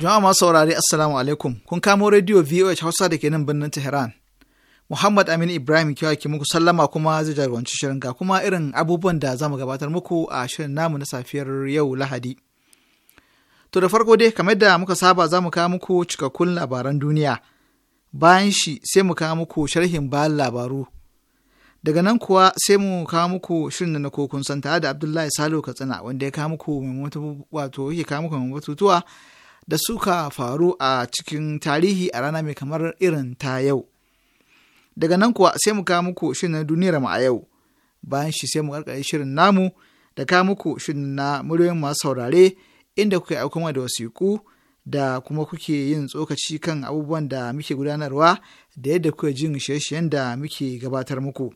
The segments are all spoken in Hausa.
Jama'a masu saurari Assalamu alaikum. Kun kamo rediyo VOH Hausa da ke nan birnin Tehran. Muhammad Aminu Ibrahim kewa ke muku sallama kuma zai jagoranci shirin ga kuma irin abubuwan da za mu gabatar muku a shirin namu na safiyar yau Lahadi. To da farko dai kamar da muka saba za mu kawo muku cikakkun labaran duniya. Bayan shi sai mu kawo muku sharhin bayan labaru. Daga nan kuwa sai mu kawo muku shirin na kokun santa da Abdullahi Salo Katsina wanda ya kawo muku wato yake kawo muku mai da suka faru a cikin tarihi a rana mai kamar irin ta yau. Daga nan kuwa sai mu kawo muku shirin na duniyar mu a yau, bayan shi sai mu karkare shirin namu da kawo muku shirin na muryoyin masu saurare inda kuke aiko da wasiƙu da kuma kuke yin tsokaci kan abubuwan da muke gudanarwa da yadda kuke jin shirye-shiryen da muke gabatar muku.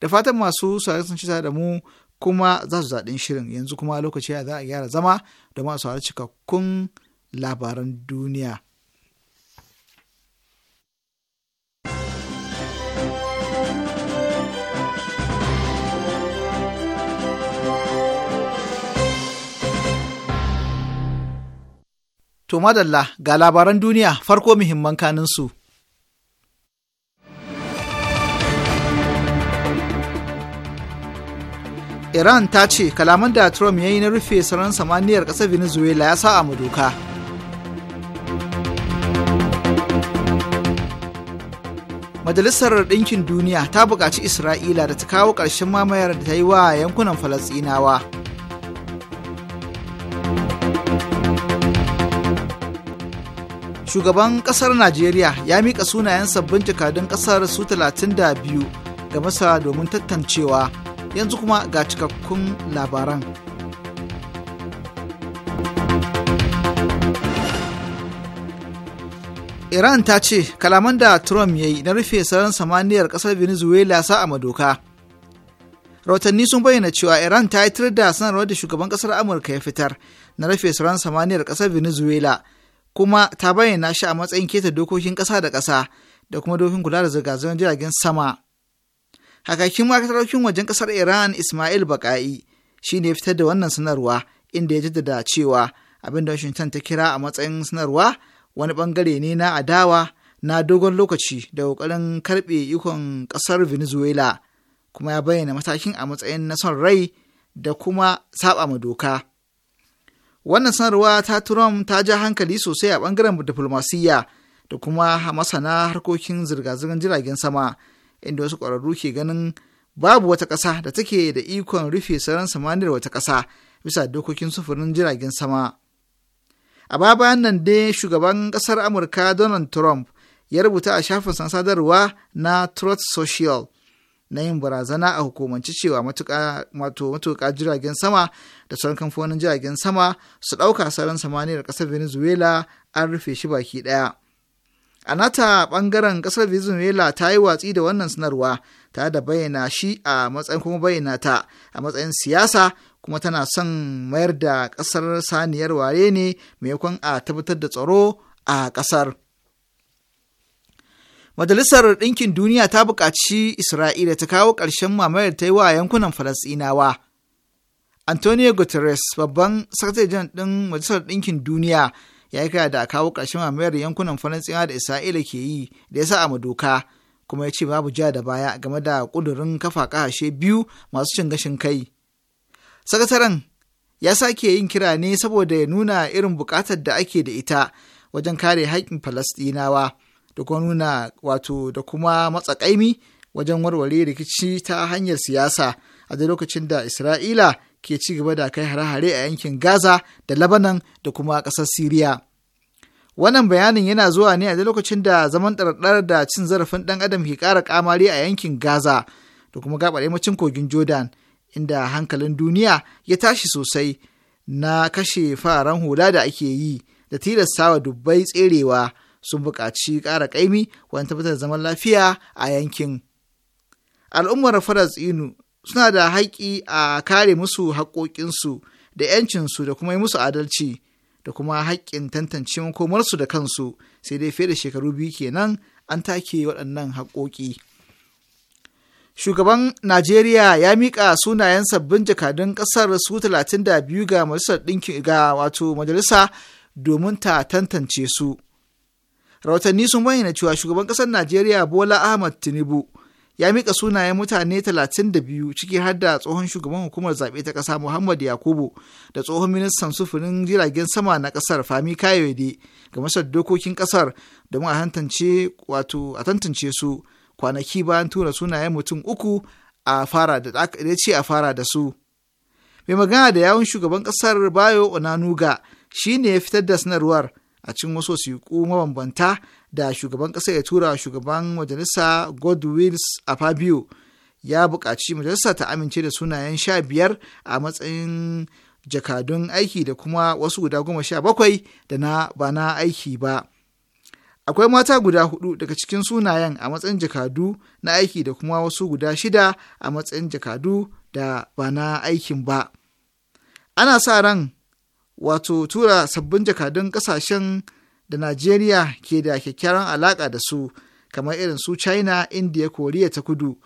Da fatan masu saurare sun ci da mu kuma za su zaɗin shirin yanzu kuma lokaci za a gyara zama da masu saurari cikakkun labaran duniya. To madalla ga labaran duniya farko muhimman kaninsu. Iran ta ce kalaman da Trump ya yi na rufe sauran samaniyar ƙasar Venezuela ya sa a madoka. doka. Majalisar Ɗinkin Duniya ta buƙaci Isra'ila da ta kawo ƙarshen mamayar da ta yi wa yankunan Falasɗinawa. Shugaban ƙasar Najeriya ya miƙa sunayen sabbin jakadun ƙasar su talatin da biyu ga masa domin tantancewa yanzu kuma ga cikakkun labaran. iran ta ce kalaman da trump ya yi na rufe sararin samaniyar kasar venezuela sa a madoka rahotanni sun bayyana cewa iran ta yi da sanarwar da shugaban kasar amurka ya fitar na rufe sararin samaniyar kasar venezuela kuma ta bayyana shi a matsayin keta dokokin kasa da kasa da kuma dokokin kula da zirga-zirgar jiragen sama hakakin ma'aikatarokin wajen kasar iran ismail baka'i shine ne fitar da wannan sanarwa inda ya jaddada cewa abin da washington ta kira a matsayin sanarwa wani bangare ne na adawa na dogon lokaci da ƙoƙarin karɓe ikon ƙasar venezuela kuma ya bayyana matakin a matsayin na son rai da kuma saba ma doka wannan sanarwa ta trump ta ja hankali sosai a bangaren diflomasiyya da kuma masana harkokin zirga-zirgar jiragen sama inda wasu ƙwararru ke ganin babu wata ƙasa da take da ikon rufe sararin samaniyar wata ƙasa bisa dokokin sufurin jiragen sama a bayan nan dai shugaban ƙasar amurka donald trump ya rubuta a shafin sadarwa na truth social na yin barazana a hukumance cewa matuƙa jiragen sama da sauran kamfanin jiragen sama su ɗauka sauran samaniyar ƙasar venezuela an rufe shi baki ɗaya a nata ɓangaren ƙasar venezuela ta yi watsi da wannan sanarwa ta da bayyana shi a matsayin kuma bayyana ta a matsayin siyasa kuma tana son mayar da ƙasar saniyar ware ne maimakon a tabbatar da tsaro a ƙasar. Majalisar Ɗinkin Duniya ta buƙaci Isra'ila ta kawo ƙarshen mamayar ta yi wa yankunan Falasɗinawa. Antonio Guterres, babban sakataren ɗin Majalisar Ɗinkin Duniya, ya yi da a kawo ƙarshen mamayar yankunan Falasɗinawa da Isra'ila ke yi da ya sa a doka, kuma ya ce babu ja da baya game da ƙudurin kafa ƙasashe biyu masu cin gashin kai. sakataren ya sake yin kira ne saboda ya nuna irin bukatar da ake da ita wajen kare haƙƙin Falasɗinawa da kuma nuna wato da kuma matsakaimi wajen warware rikici ta hanyar siyasa a da lokacin da Isra'ila ke ci gaba da kai hare-hare a yankin Gaza da Labanan da kuma ƙasar Siriya. Wannan bayanin yana zuwa ne a da lokacin da zaman ɗarɗar da cin zarafin ɗan adam ke ƙara ƙamari a yankin Gaza da kuma gaɓar yammacin kogin Jordan inda hankalin duniya ya tashi sosai na kashe fararen hula da ake yi da tilasta wa dubbai tserewa sun buƙaci ƙara ƙaimi wani tabbatar zaman lafiya a yankin. Al'ummar Faras inu suna da haƙƙi a kare musu haƙoƙinsu da ‘yancinsu da kuma yi musu adalci da kuma haƙƙin tantance makomarsu da kansu sai dai fiye da shekaru biyu kenan an take waɗannan haƙoƙi. shugaban najeriya ya miƙa sunayen sabbin jakadun ƙasar su 32 ga majalisar ɗinkin ga wato majalisa domin ta tantance su rahotanni sun bayyana cewa shugaban ƙasar najeriya bola ahmad tinubu ya mika sunayen mutane 32 ciki har da tsohon shugaban hukumar zaɓe ta ƙasa Muhammad Yakubu da tsohon ministan sufurin jiragen sama na ƙasar Fami Kayode ga masar dokokin ƙasar domin a a tantance su kwanaki bayan tura sunayen mutum uku a fara da ya ce a fara da su. Mai magana da yawun shugaban ƙasar Bayo Onanuga shi ne ya fitar da sanarwar a cikin wasu siku mabambanta da shugaban ƙasar ya tura shugaban majalisa Godwills a Fabio ya buƙaci majalisa ta amince da sunayen sha biyar a matsayin jakadun aiki da kuma wasu guda goma sha bakwai da na ba na aiki ba. Akwai mata guda hudu daga cikin sunayen a matsayin jakadu na aiki da kuma wasu guda shida a matsayin jakadu da ba na aikin ba. Ana sa ran wato tura sabbin jakadun kasashen da Najeriya ke da kyakkyawan alaƙa da su, kamar irin su China, India, Koriya ta kudu,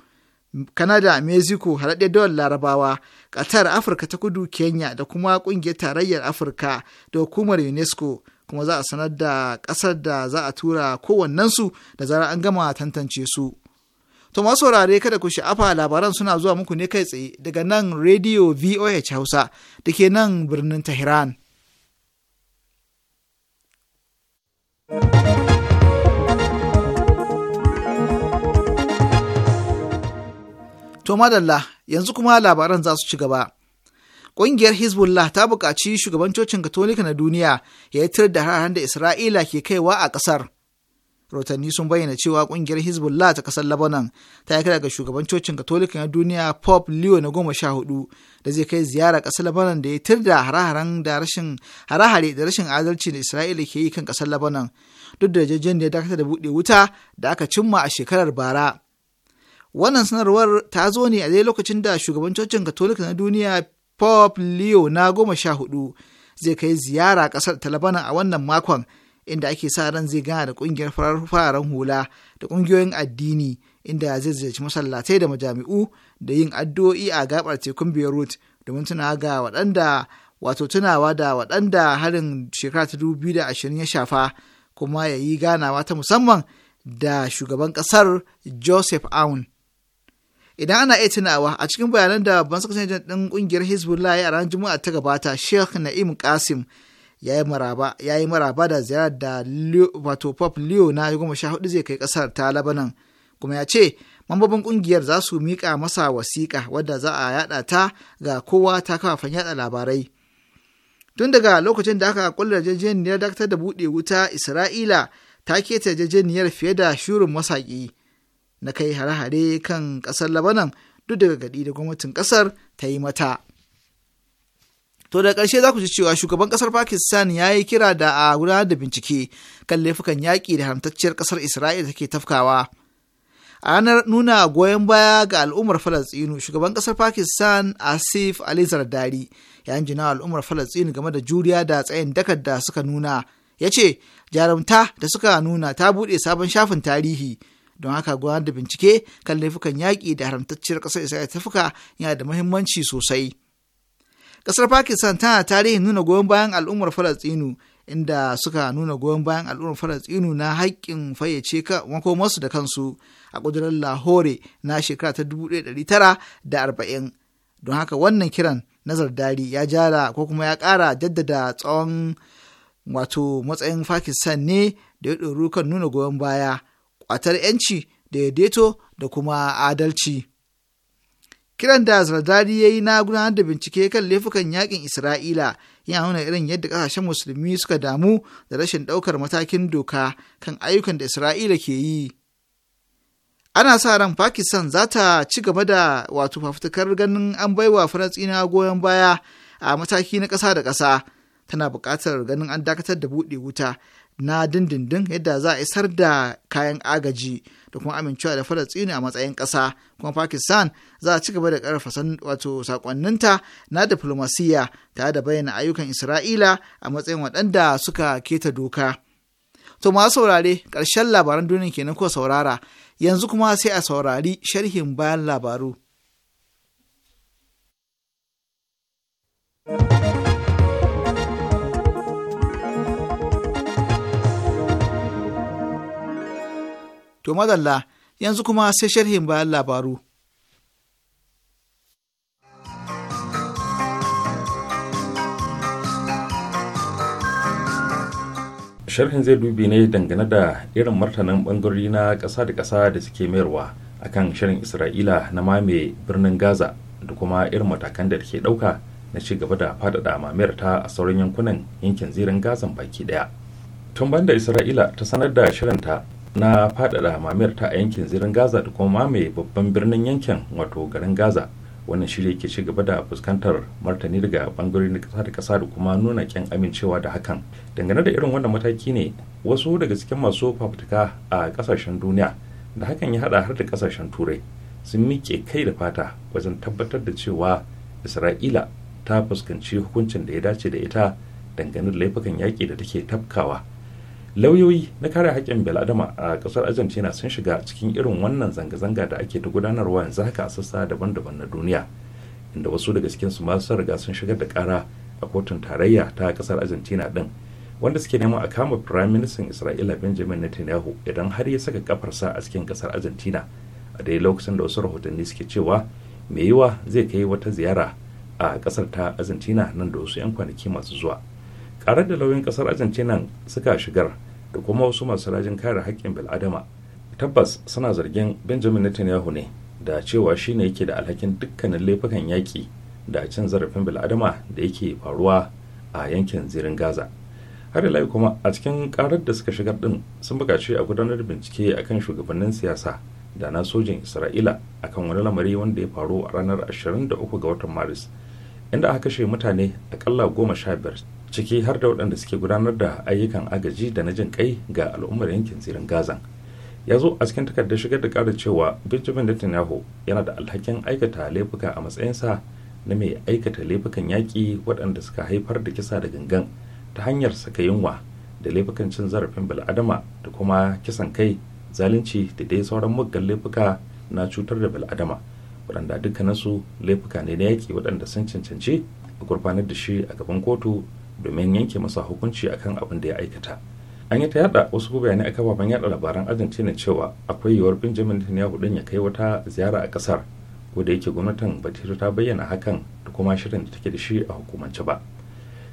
kanada Mexico, haɗaɗɗen dawar Larabawa, Qatar, Afirka ta kudu, Kenya da kuma ƙungiyar tarayyar Afirka da hukumar UNESCO. kuma za a sanar da ƙasar da za a tura kowannensu da zarar an gama tantance su. To masu saurare kada ku sha'afa labaran suna zuwa muku ne kai tsaye daga nan Radio VOH Hausa da ke nan birnin Tehran. To madalla yanzu kuma labaran za su ci gaba. Ƙungiyar Hezbollah ta buƙaci shugaban cocin Katolika na duniya ya yi tir da hararen da Isra'ila ke kaiwa a ƙasar. Rotanni sun bayyana cewa ƙungiyar Hezbollah ta ƙasar Lebanon ta yi kira ga shugaban cocin Katolika na duniya pop Leo na goma sha hudu da zai kai ziyara ƙasar Lebanon da ya tir da hararen da rashin harahare da rashin adalci da Isra'ila ke yi kan ƙasar Lebanon duk da jajen da ya dakatar da buɗe wuta da aka cimma a shekarar bara. Wannan sanarwar ta zo ne a dai lokacin da shugaban cocin Katolika na duniya Pope Leo na goma sha hudu zai kai ziyara ƙasar ta a wannan makon inda ake sa ran zai gana da ƙungiyar fararen hula da ƙungiyoyin addini inda zai ziyarci masallatai da majami'u da yin addu'o'i a gabar tekun Beirut domin tuna ga waɗanda wato tunawa da waɗanda harin shekara ta dubu da ashirin ya shafa kuma ya yi ganawa ta musamman da shugaban ƙasar Joseph Aoun. idan ana iya tunawa a cikin bayanan da ban sakacin ɗin ƙungiyar hezbollah ya ranar juma'a ta gabata sheikh na'im kasim ya yi maraba da ziyarar da wato pop leo na goma sha hudu zai kai ƙasar ta labanan kuma ya ce mambobin ƙungiyar za su miƙa masa wasiƙa wadda za a yaɗa ta ga kowa ta kafafen yaɗa labarai tun daga lokacin da aka kulle yarjejeniyar dakatar da buɗe wuta isra'ila ta keta yarjejeniyar fiye da shirin masaƙi na kai hare-hare kan ƙasar Labanan duk daga gadi da gwamnatin ƙasar ta yi mata. To da ƙarshe za ku ji cewa shugaban ƙasar Pakistan ya yi kira da a gudanar da bincike kan laifukan yaƙi da haramtacciyar ƙasar Isra'ila take tafkawa. A ranar nuna goyon baya ga al'ummar Falasɗinu, shugaban ƙasar Pakistan Asif Ali Zardari ya jina al'ummar Falasɗinu game da juriya da tsayin dakar da suka nuna. Ya ce, jarumta da suka nuna ta buɗe sabon shafin tarihi. don haka gudanar da bincike kan laifukan yaƙi da haramtacciyar ƙasar isra'ila ta fuka yana da muhimmanci sosai ƙasar pakistan tana tarihin nuna goyon bayan al'ummar falastinu inda suka nuna goyon bayan al'ummar falastinu na haƙƙin fayyace makomarsu da kansu a ƙudurar lahore na shekara ta 1940 don haka wannan kiran nazar dari ya jara ko kuma ya ƙara jaddada tsawon wato matsayin pakistan ne da ya ɗoru kan nuna goyon baya kwatar 'yanci da daidaito da kuma adalci. Kiran da Zardari ya yi na gudanar da bincike kan laifukan yakin Isra'ila yana nuna irin yadda ƙasashen musulmi suka damu da rashin ɗaukar matakin doka kan ayyukan da Isra'ila ke yi. Ana sa ran Pakistan za ta ci gaba da wato fafutukar ganin an baiwa Faransina goyon baya a mataki na ƙasa da ƙasa. Tana buƙatar ganin an dakatar da buɗe wuta na dindindin yadda za a isar da kayan agaji da kuma amincewa da falastini a matsayin ƙasa kuma pakistan za a ci gaba da ƙarfa wato sakonninta na diflomasiyya tare da bayyana ayyukan isra'ila a matsayin waɗanda suka keta doka to masu saurare ƙarshen labaran duniya kenan ko saurara yanzu kuma sai a saurari sharhin bayan labaru. To madalla yanzu kuma sai sharhin bayan labaru. Sharhin zai dubi ne dangane da irin martanin bangarori na ƙasa da ƙasa da suke mayarwa akan shirin Isra'ila na mame birnin Gaza da kuma irin matakan da ke ɗauka na ci gaba da faɗaɗa mamayar ta a sauran yankunan yankin zirin gaza baki ɗaya. Tun banda Isra'ila ta sanar da shirinta na faɗaɗa mamiyar ta a yankin zirin gaza da kuma mamaye babban birnin yankin wato garin gaza wannan shirya ke ci gaba da fuskantar martani daga bangarori na kasa da kasa da kuma nuna kyan amincewa da hakan dangane da irin wannan mataki ne wasu daga cikin masu fafutuka a kasashen duniya da hakan ya hada har da kasashen turai sun miƙe kai da fata wajen tabbatar da cewa isra'ila ta fuskanci hukuncin da ya dace da ita dangane da laifukan yaƙi da take tafkawa lauyoyi na kare haƙƙin adama a ƙasar argentina sun shiga cikin irin wannan zanga-zanga da ake ta gudanarwa yanzu haka a sassa daban-daban na duniya inda wasu daga cikin su masu riga sun shigar da ƙara a kotun tarayya ta ƙasar argentina ɗin wanda suke neman a kama firayim ministan isra'ila benjamin netanyahu idan har ya saka kafarsa a cikin ƙasar argentina a dai lokacin da wasu rahotanni suke cewa mai yiwa zai kai wata ziyara a ƙasar ta argentina nan da wasu 'yan kwanaki masu zuwa karar da lauyan ƙasar argentina suka shigar da kuma wasu masu rajin kare haƙƙin bil'adama tabbas suna zargin benjamin netanyahu ne da cewa shine yake da alhakin dukkanin laifukan yaƙi da cin zarafin bil'adama da yake faruwa a yankin zirin gaza har ila kuma a cikin karar da suka shigar din sun buƙaci a gudanar bincike akan shugabannin siyasa da na sojin isra'ila akan wani lamari wanda ya faru a ranar 23 ga watan maris inda aka kashe mutane akalla goma sha biyar ciki har da waɗanda suke gudanar da ayyukan agaji da na jin kai ga al'ummar yankin tsirin gazan ya zo a cikin takardar shigar da ƙara cewa benjamin netanyahu yana da alhakin aikata laifuka a matsayinsa na mai aikata laifukan yaƙi waɗanda suka haifar da kisa da gangan ta hanyar saka yunwa da laifukan cin zarafin bil'adama da kuma kisan kai zalunci da dai sauran muggan laifuka na cutar da bil'adama waɗanda dukkaninsu laifuka ne na yaƙi waɗanda sun cancanci a gurfanar da shi a gaban kotu domin yanke masa hukunci akan abin da ya aikata an yi ta yada wasu bayani a kafafen yada labaran na cewa akwai yiwuwar benjamin netanyahu din ya kai wata ziyara a kasar ko da yake gwamnatin ba ta bayyana hakan da kuma shirin da take da shi a hukumance ba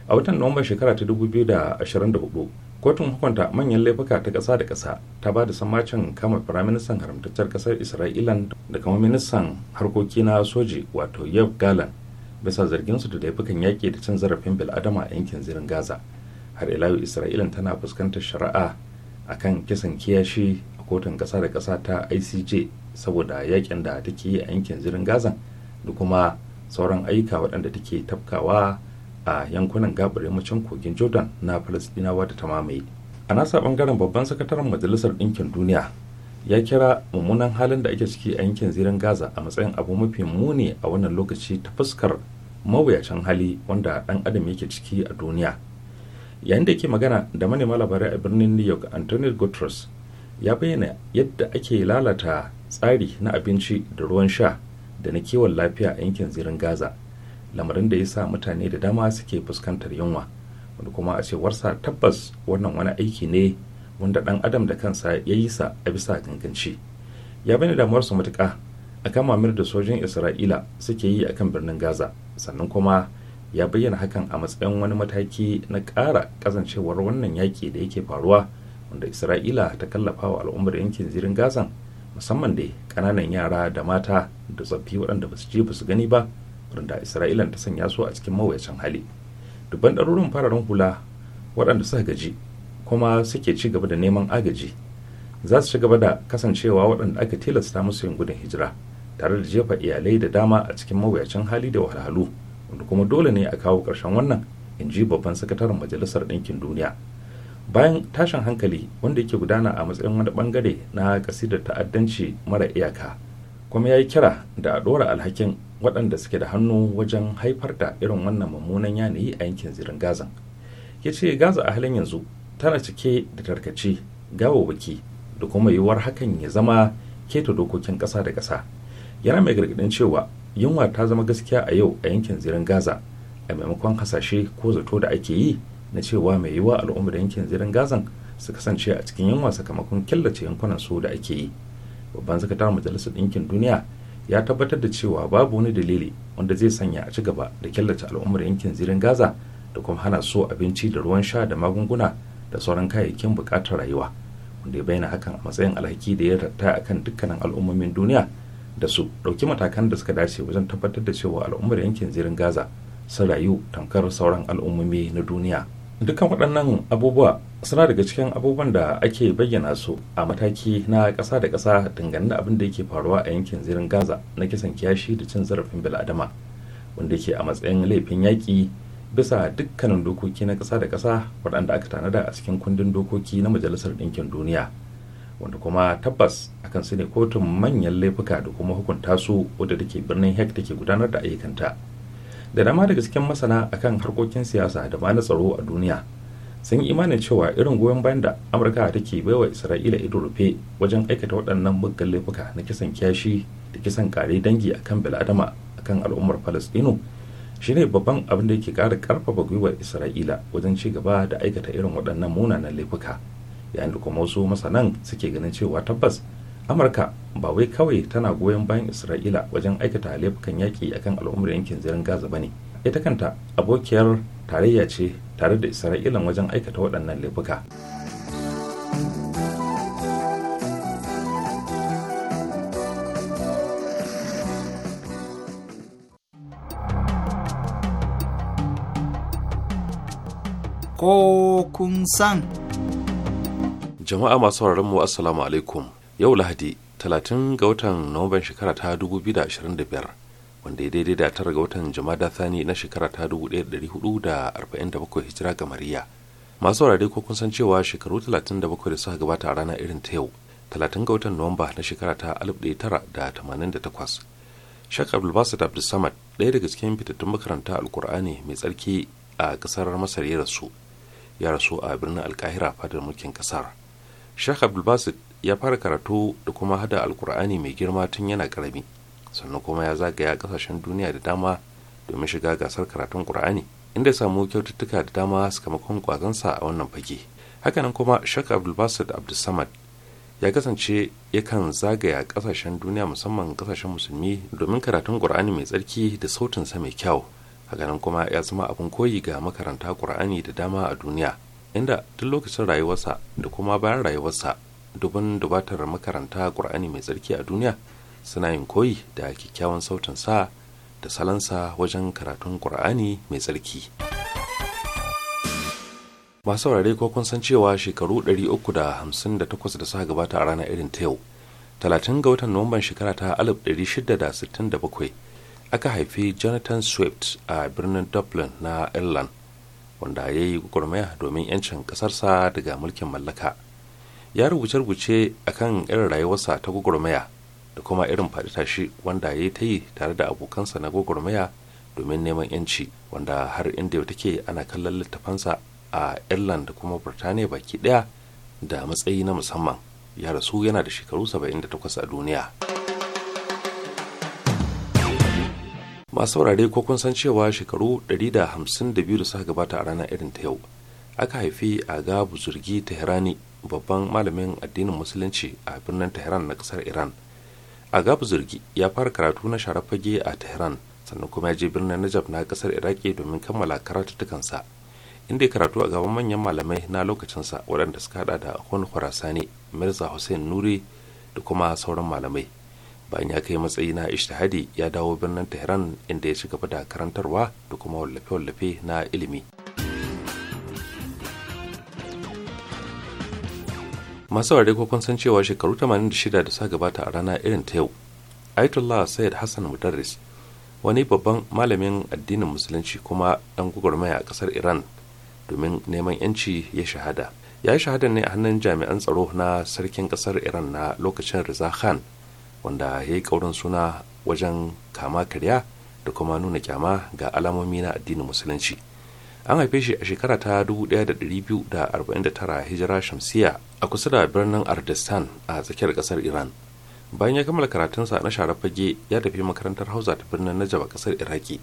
a watan nuwamban shekara ta da 2024 kotun hukunta manyan laifuka ta kasa da kasa ta ba da sammacin kama firaministan haramtaccen kasar isra'ilan da kama ministan harkoki na soji wato yev galan bisa zarginsu da laifukan yaƙi da cin zarafin bil'adama a yankin zirin gaza har ila yau isra'ila tana fuskantar shari'a a kan kisan kiyashi a kotun ƙasa da ƙasa ta icj saboda yaƙin da take yi a yankin zirin gaza da kuma sauran ayyuka waɗanda take tafkawa a yankunan gabar yammacin kogin jordan na falastinawa da ta mamaye a nasa ɓangaren babban sakataren majalisar ɗinkin duniya ya kira mummunan halin da ake ciki a yankin zirin gaza a matsayin abu mafi muni a wannan lokaci ta fuskar mawuyacin hali wanda ɗan adam yake ciki a duniya yayin da yake magana da manema labarai a birnin new york anthony guterres ya bayyana yadda ake lalata tsari na abinci da ruwan sha da na kiwon lafiya a yankin zirin gaza lamarin da ya sa mutane da dama suke fuskantar yunwa wanda kuma a cewarsa tabbas wannan wani aiki ne wanda dan adam da kansa ya yi sa a bisa ganganci ya bani su matuƙa akan mamir da sojin isra'ila suke yi akan birnin gaza sannan kuma ya bayyana hakan a matsayin wani mataki na ƙara kasancewar wannan yaƙi da yake faruwa wanda isra'ila ta kallafa wa al'ummar yankin zirin gazan musamman da ƙananan yara da mata da tsoffi waɗanda ba su je ba su gani ba wanda isra'ilan ta sanya su a cikin mawuyacin hali dubban ɗarurin fararen hula waɗanda suka gaji kuma suke ci gaba da neman agaji za su ci gaba da kasancewa waɗanda aka tilasta musu yin gudun hijira tare da jefa iyalai da dama a cikin mawuyacin hali da wahalhalu wanda kuma dole ne a kawo ƙarshen wannan in ji babban sakataren majalisar ɗinkin duniya bayan tashin hankali wanda yake gudana a matsayin wani bangare na kasidar ta'addanci mara iyaka kuma ya yi kira da a ɗora alhakin waɗanda suke da hannu wajen haifar da irin wannan mummunan yanayi a yankin zirin gazan ya ce gaza a halin yanzu tana cike da tarkace gawawwaki da kuma yiwuwar hakan ya zama keta dokokin ƙasa da ƙasa yana mai gargaɗin cewa yunwa ta zama gaskiya a yau a yankin zirin gaza a maimakon hasashe ko zato da ake yi na cewa mai yiwuwa al'ummar yankin zirin gazan su kasance a cikin yunwa sakamakon killace yankunan su da ake yi babban zakatar majalisar ɗinkin duniya ya tabbatar da cewa babu wani dalili wanda zai sanya a ci gaba da killace al'ummar yankin zirin gaza da kuma hana so abinci da ruwan sha da magunguna da sauran kayayyakin buƙatar rayuwa wanda ya bayyana hakan a matsayin alhaki da ya a kan dukkanin al'ummomin duniya da su ɗauki matakan da suka dace wajen tabbatar da cewa al'ummar yankin zirin gaza sun rayu tamkar sauran al'ummomi na duniya dukkan waɗannan abubuwa suna daga cikin abubuwan da ake bayyana su a mataki na ƙasa da ƙasa dangane da abin da yake faruwa a yankin zirin gaza na kisan kiyashi da cin zarafin bil'adama wanda yake a matsayin laifin yaƙi bisa dukkanin dokoki na ƙasa da ƙasa waɗanda aka tanada a cikin kundin dokoki na majalisar ɗinkin duniya wanda kuma tabbas akan su ne kotun manyan laifuka da kuma hukunta su wadda take birnin hek take gudanar da ayyukanta da dama daga cikin masana akan harkokin siyasa da ma na tsaro a duniya sun yi imanin cewa irin goyon bayan da amurka take baiwa isra'ila ido rufe wajen aikata waɗannan muggan laifuka na kisan kyashi da kisan kare dangi akan bil'adama akan al'ummar falastinu shine babban abin da yake kara karfafa gwiwar isra'ila wajen ci gaba da aikata irin waɗannan munanan laifuka yayin da kuma wasu masanan suke ganin cewa tabbas amurka ba wai kawai tana goyon bayan isra'ila wajen aikata laifukan yaƙi akan al'ummar yankin zirin gaza ba ne ita kanta abokiyar tarayya ce tare da isra'ilan wajen aikata waɗannan laifuka. ko kun san. Jama'a masu mu Assalamu alaikum yau Lahadi 30 ga watan Nuwamban shekara ta 2025 wanda ya daidai da tara ga watan Jama'a Thani na shekara ta 1447 hijira ga Mariya. Masu saurare ko kun san cewa shekaru 37 da suka gabata a rana irin ta yau 30 ga watan Nuwamba na shekara ta 1988. Shek Abdulbasit Abdulsamad ɗaya daga cikin fitattun makaranta Alkur'ani mai tsarki a ƙasar Masar ya rasu. ya rasu a birnin alkahira fadar mulkin kasar sheikh abdulbasit ya fara karatu da kuma hada alkur'ani mai girma tun yana karami sannan kuma ya zagaya kasashen duniya da dama domin shiga gasar karatun qur'ani inda ya samu kyaututtuka da dama sakamakon kwazansa a wannan fage hakanan kuma sheikh abdulbasit abdulsamad ya kasance yakan zagaya kasashen duniya musamman kasashen musulmi domin karatun qur'ani mai tsarki da sautinsa mai kyau hakanan kuma ya zama abin koyi ga makaranta qur'ani da dama a duniya inda tun lokacin rayuwarsa da kuma bayan rayuwarsa dubin dubatar makaranta qur'ani mai tsarki a duniya suna yin koyi da kyakkyawan sautin sa da salansa wajen karatun qur'ani mai tsarki masu saurare ko kun san cewa shekaru 358 da suka gabata a ranar irin ta yau talatin ga watan nuwamban shekara ta 1667 aka haifi jonathan swift a birnin dublin na ireland wanda ya yi gwagwarmaya domin 'yancin ƙasarsa daga mulkin mallaka ya rubuce-rubuce a kan irin rayuwarsa ta gwagwarmaya da kuma irin faɗi tashi wanda ya yi ta yi tare da abokansa na gwagwarmaya domin neman 'yanci wanda har inda take ana kallon littafansa a ireland da kuma birtaniya baki daya da matsayi na musamman ya rasu yana da shekaru 78 a duniya. masu saurare ko kun san cewa shekaru 152 da suka gabata a ranar irin ta yau aka haifi aga buzurgi tehrani babban malamin addinin musulunci a birnin tehran na kasar iran aga buzurgi ya fara karatu na sharafage a tehran sannan kuma ya je birnin najaf na kasar iraki domin kammala karatuttukansa inda ya karatu a gaban manyan malamai na lokacinsa waɗanda suka hada da hun khurasani mirza hussein nuri da kuma sauran malamai bayan ya kai matsayi na ishtihadi ya dawo birnin tehran inda ya ci gaba da karantarwa da kuma wallafe-wallafe na ilimi masu ware kun san cewa shekaru 86 da suka gabata a rana irin ta yau ayatollah sayyid hassan mudarris wani babban malamin addinin musulunci kuma dan gwagwarmaya a kasar iran domin neman yanci ya shahada ya yi shahada ne a hannun jami'an tsaro na sarkin kasar iran na lokacin riza khan wanda ya yi ƙaurin suna wajen kama karya da kuma nuna kyama ga alamomi na addinin musulunci an haife shi a shekara ta 1249 hijira shamsiya a kusa da birnin ardistan a tsakiyar kasar iran bayan ya kammala karatunsa na share fage ya tafi makarantar hausa ta birnin najab a kasar iraki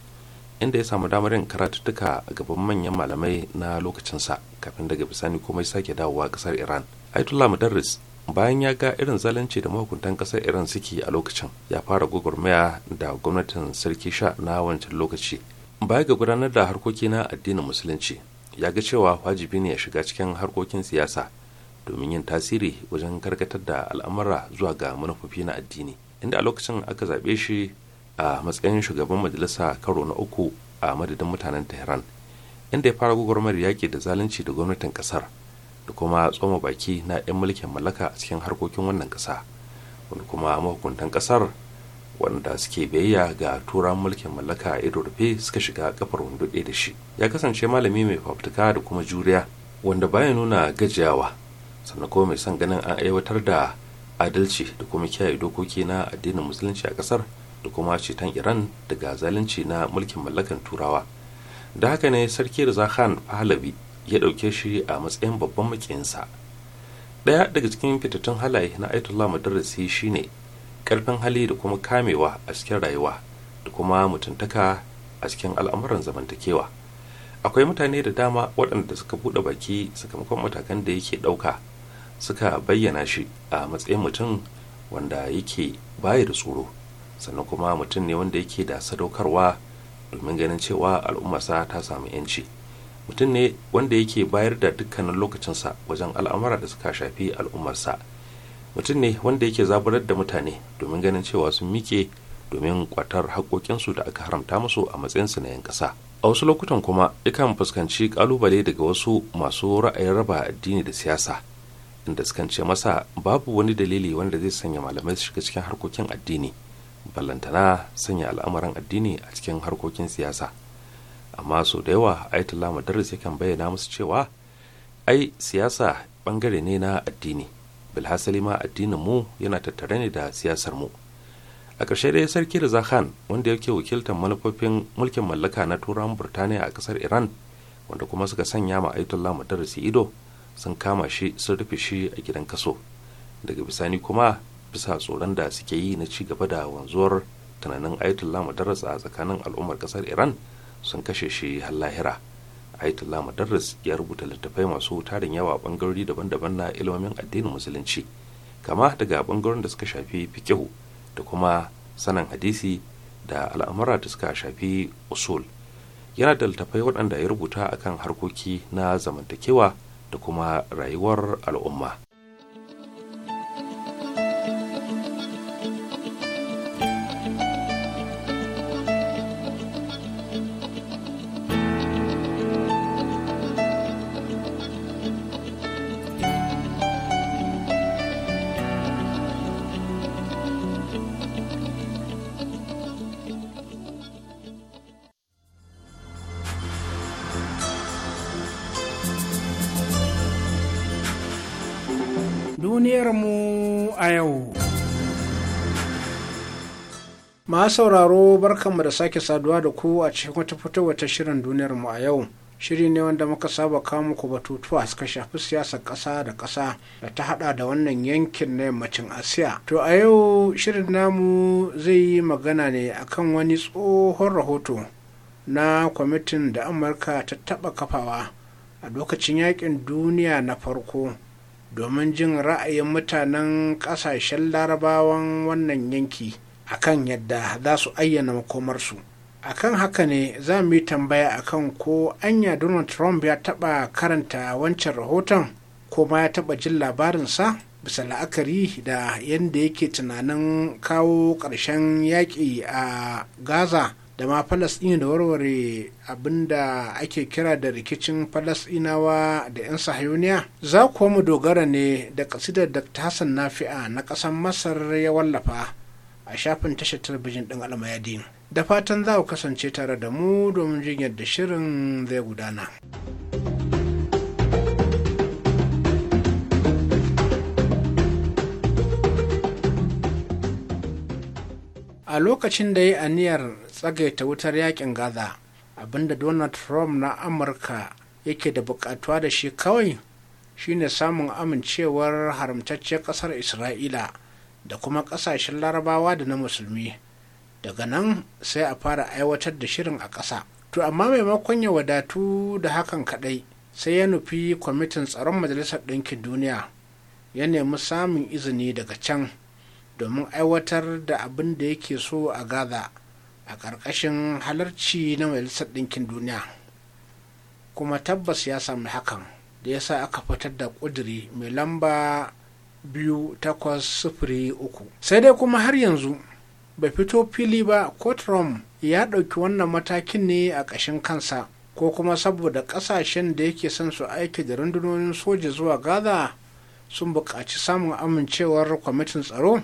inda ya samu damar yin karatuttuka a gaban manyan malamai na lokacinsa kafin daga bisani komai sake dawowa kasar iran aitullah mudarris bayan ya ga irin zalunci da mahukuntan kasar iran suke a lokacin ya fara gwagwarmaya da gwamnatin sarki sha na wancan lokaci baya ga gudanar da harkoki na addinin musulunci ya ga cewa wajibi ne ya shiga cikin harkokin siyasa domin yin tasiri wajen karkatar da al'amura zuwa ga manufofi na addini inda a lokacin aka zaɓe shi a matsayin shugaban majalisa karo na uku a madadin mutanen tehran inda ya fara gwagwarmar yaƙi da zalunci da gwamnatin ƙasar da kuma tsoma baki na 'yan mulkin mallaka a cikin harkokin wannan ƙasa wani kuma mahukuntan ƙasar wanda suke biyayya ga turan mulkin mallaka a ido rufe suka shiga kafar wando ɗaya da shi ya kasance malami mai fafutuka da kuma juriya wanda baya nuna gajiyawa sannan kuma mai son ganin an aiwatar da adalci da kuma kiyaye dokoki na addinin musulunci a ƙasar da kuma ceton iran daga zalunci na mulkin mallakan turawa da haka ne sarki da zahan pahlavi ya ɗauke shi a matsayin babban makiyinsa ɗaya daga cikin fitattun halaye na ayatollah madarasi shine ƙarfin hali da kuma kamewa a cikin rayuwa da kuma mutuntaka a cikin al'amuran zamantakewa akwai mutane da dama waɗanda suka buɗe baki sakamakon matakan da yake ɗauka suka bayyana shi a matsayin mutum wanda yake baya da tsoro sannan kuma mutum ne wanda yake da sadaukarwa domin ganin cewa al'ummarsa ta samu 'yanci. mutum ne wanda yake bayar da dukkanin lokacinsa wajen al'amura da suka shafi al'ummarsa mutum ne wanda yake zaburar da mutane domin ganin cewa sun mike domin kwatar haƙoƙinsu da aka haramta musu a matsayinsu na 'yan ƙasa a wasu lokutan kuma yakan fuskanci ƙalubale daga wasu masu ra'ayin raba addini da siyasa inda sukan ce masa babu wani dalili wanda zai sanya malamai su shiga cikin harkokin addini ballantana sanya al'amuran addini a cikin harkokin siyasa amma sau da yawa ayatollah madaris yakan bayyana musu cewa ai siyasa bangare ne na addini bilhassali ma addinin mu yana tattare ne da siyasar mu a ƙarshe dai sarki da khan wanda yake wakiltar manufofin mulkin mallaka na turawan burtaniya a ƙasar iran wanda kuma suka sanya ma ayatollah madarisi ido sun kama shi sun rufe shi a gidan kaso daga bisani kuma bisa tsoron da suke yi na ci gaba da wanzuwar tunanin ayatollah madaris a tsakanin al'ummar ƙasar iran sun kashe shi har lahira ayatollah madarris ya rubuta littattafai masu tarin yawa a bangarori daban-daban na ilimin addinin musulunci kama daga bangaren da suka shafi fikihu da kuma sanan hadisi da al'amura da suka shafi usul yana da littattafai waɗanda ya rubuta akan harkoki na zamantakewa da kuma rayuwar al'umma sauraro barkanmu da sake saduwa da ku a cikin wata fitowar wata shirin duniyar mu a yau shiri ne wanda muka saba kawo muku batutuwa suka shafi siyasar ƙasa da ƙasa da ta hada da wannan yankin na yammacin asiya to a yau shirin namu zai yi magana ne akan wani tsohon rahoto na kwamitin da amurka ta taba kafawa a lokacin yakin duniya na farko domin jin ra'ayin mutanen ƙasashen larabawan wannan yanki A kan yadda za su ayyana makomarsu akan haka ne za mu yi tambaya akan ko anya donald trump ya taba karanta wancan rahoton ko ma ya taba jin labarinsa bisa la'akari da yadda yake tunanin kawo ƙarshen yaƙi a gaza da ma falasɗini da warware abin da ake kira da rikicin falasɗinawa da 'yan sahayuniya za kuwa mu dogara ne da ƙasidar da hassan nafi'a na ƙasar masar ya wallafa a shafin tashar talabijin ɗin almayadi da fatan za ku kasance tare da mu domin jin yadda shirin zai gudana. a lokacin da ya aniyar tsagaita wutar yakin gaza abinda donald trump na amurka yake da bukatuwa da shi kawai shine samun amincewar haramtacciyar kasar isra'ila da kuma ƙasashen larabawa da na musulmi daga nan sai a fara aiwatar da shirin a ƙasa to amma maimakon ya wadatu da hakan kaɗai sai ya nufi kwamitin tsaron majalisar ɗinkin duniya ya nemi samun izini daga can domin aiwatar da abin da yake so a gaza a ƙarƙashin halarci na majalisar ɗinkin duniya kuma tabbas ya sami hakan da ya sa aka fitar da ƙuduri mai lamba biyu takwas sufuri uku sai dai kuma har yanzu bai fito fili ba ko trump ya ɗauki wannan matakin ne a ƙashin kansa ko kuma saboda ƙasashen da yake son su aiki da rundunonin soja zuwa gaza sun buƙaci samun amincewar kwamitin tsaro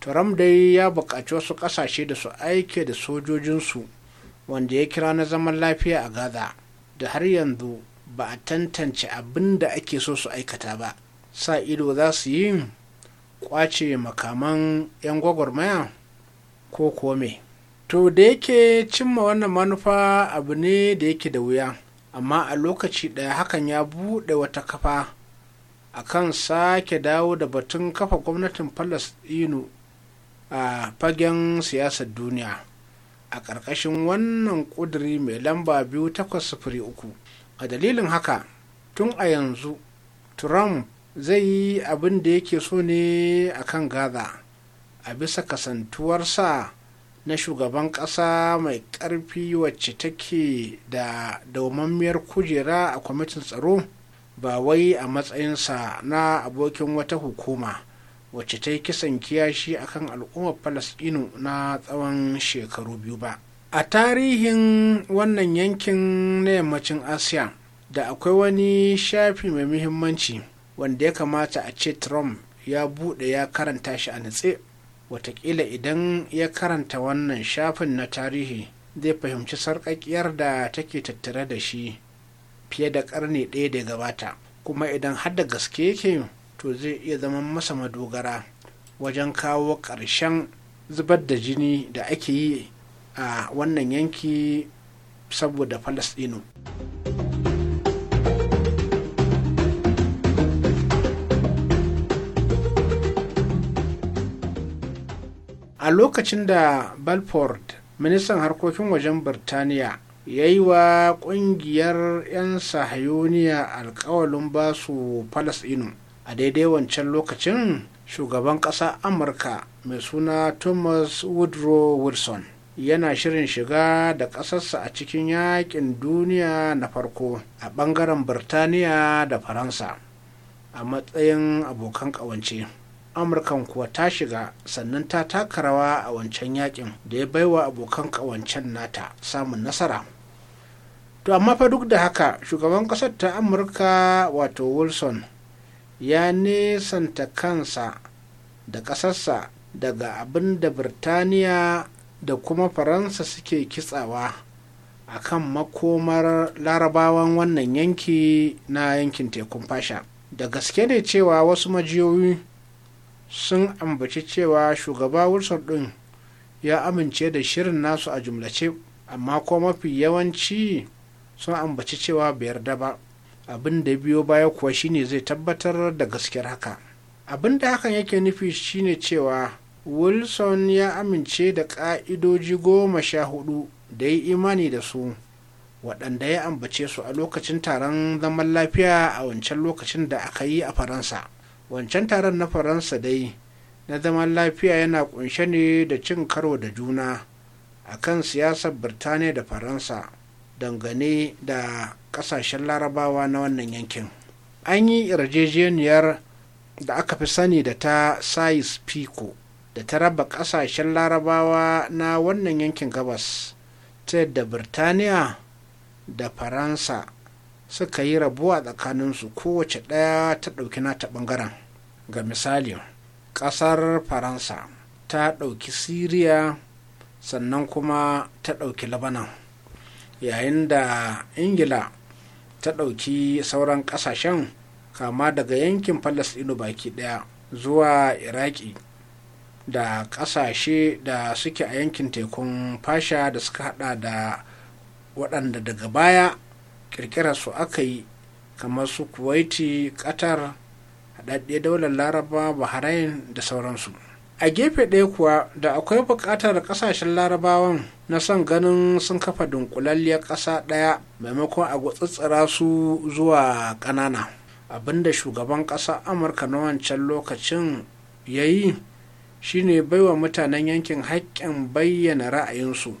trump dai ya buƙaci wasu ƙasashe da su aike da sojojinsu wanda ya kira na zaman lafiya a gaza da har yanzu ba a tantance abin da ake so su aikata ba sa ido za su yi kwace makaman 'yan gwagwarmaya ko kome to da yake cimma wannan manufa abu ne da yake da wuya amma a lokaci ɗaya hakan ya buɗe wata kafa a kan sake dawo da batun kafa gwamnatin Falasɗinu a fagen siyasar duniya a ƙarƙashin wannan ƙuduri mai lamba biyu takwas sufuri uku a dalilin haka tun a yanzu trump zai yi abin da yake so ne a kan gaza a bisa kasantuwarsa na shugaban ƙasa mai ƙarfi wacce take da daumammiyar kujera a kwamitin tsaro ba wai a matsayinsa na abokin wata hukuma wacce ta yi kisan kiyashi a kan al'ummar falasɗinu na tsawon shekaru biyu ba a tarihin wannan yankin na yammacin asiya da akwai wani shafi mai muhimmanci wanda ya kamata a ce trump ya bude ya karanta shi a natse watakila idan ya karanta wannan shafin na tarihi zai fahimci sarƙaƙiyar da take tattare da shi fiye da ƙarni ɗaya da gabata kuma idan har da gaske yake to zai iya zama masa madogara wajen kawo ƙarshen zubar da jini da ake yi a wannan yanki saboda falasɗinu. a lokacin da Belford, ministan harkokin wajen birtaniya ya yi wa kungiyar 'yan sahayoniya alkawalin basu falasɗinu a daidai wancan lokacin shugaban ƙasa amurka mai suna thomas woodrow wilson yana shirin shiga da ƙasarsa a cikin yakin duniya na farko a ɓangaren birtaniya da faransa a matsayin abokan ƙawance amurkan kuwa ta shiga sannan ta taka rawa a wancan yakin da ya baiwa abokan kawancen nata samun nasara to amma fa duk da haka shugaban kasar ta amurka wato wilson ya nesanta kansa da ƙasarsa daga abin da birtaniya da kuma faransa suke kitsawa a kan makomar larabawan wannan yanki na yankin tekun fasha da gaske ne cewa wasu majiyoyi sun ambaci cewa shugaba wilson ɗin ya amince da shirin nasu a jumlace amma ko mafi yawanci sun ambaci cewa bai yarda ba abin da biyo baya kuwa shine zai tabbatar da gaskiyar haka abin da hakan yake nufi shine cewa wilson ya amince da ƙa'idoji goma sha hudu da ya imani da su waɗanda ya ambace su a lokacin taron zaman lafiya a wancan lokacin da aka yi a faransa wancan taron na faransa dai na zaman lafiya yana kunshe ne da cin karo da juna a kan siyasar birtaniya da faransa dangane da kasashen larabawa na wannan yankin an yi yarjejeniyar da aka fi sani da ta sais pico da ta raba kasashen larabawa na wannan yankin gabas ta yadda birtaniya da faransa suka yi rabuwa tsakaninsu kowace ɗaya ta ɗauki nata ɓangaren ga misali ƙasar faransa ta ɗauki siriya sannan kuma ta ɗauki labanan yayin da ingila ta ɗauki sauran ƙasashen kama daga yankin falasɗinu baki ɗaya zuwa iraki da ƙasashe da suke a yankin tekun fasha da suka haɗa da waɗanda daga baya kirkira su aka yi kamar su kuwaiti qatar haɗaɗɗe daular laraba bahrain da sauransu a gefe ɗaya kuwa da akwai buƙatar ƙasashen larabawan na son ganin sun kafa dunkulalliyar ƙasa ɗaya maimakon a gutsutsura su zuwa ƙanana abinda shugaban ƙasa amurka na wancan lokacin ya yi shine baiwa mutanen yankin haƙƙin bayyana ra'ayinsu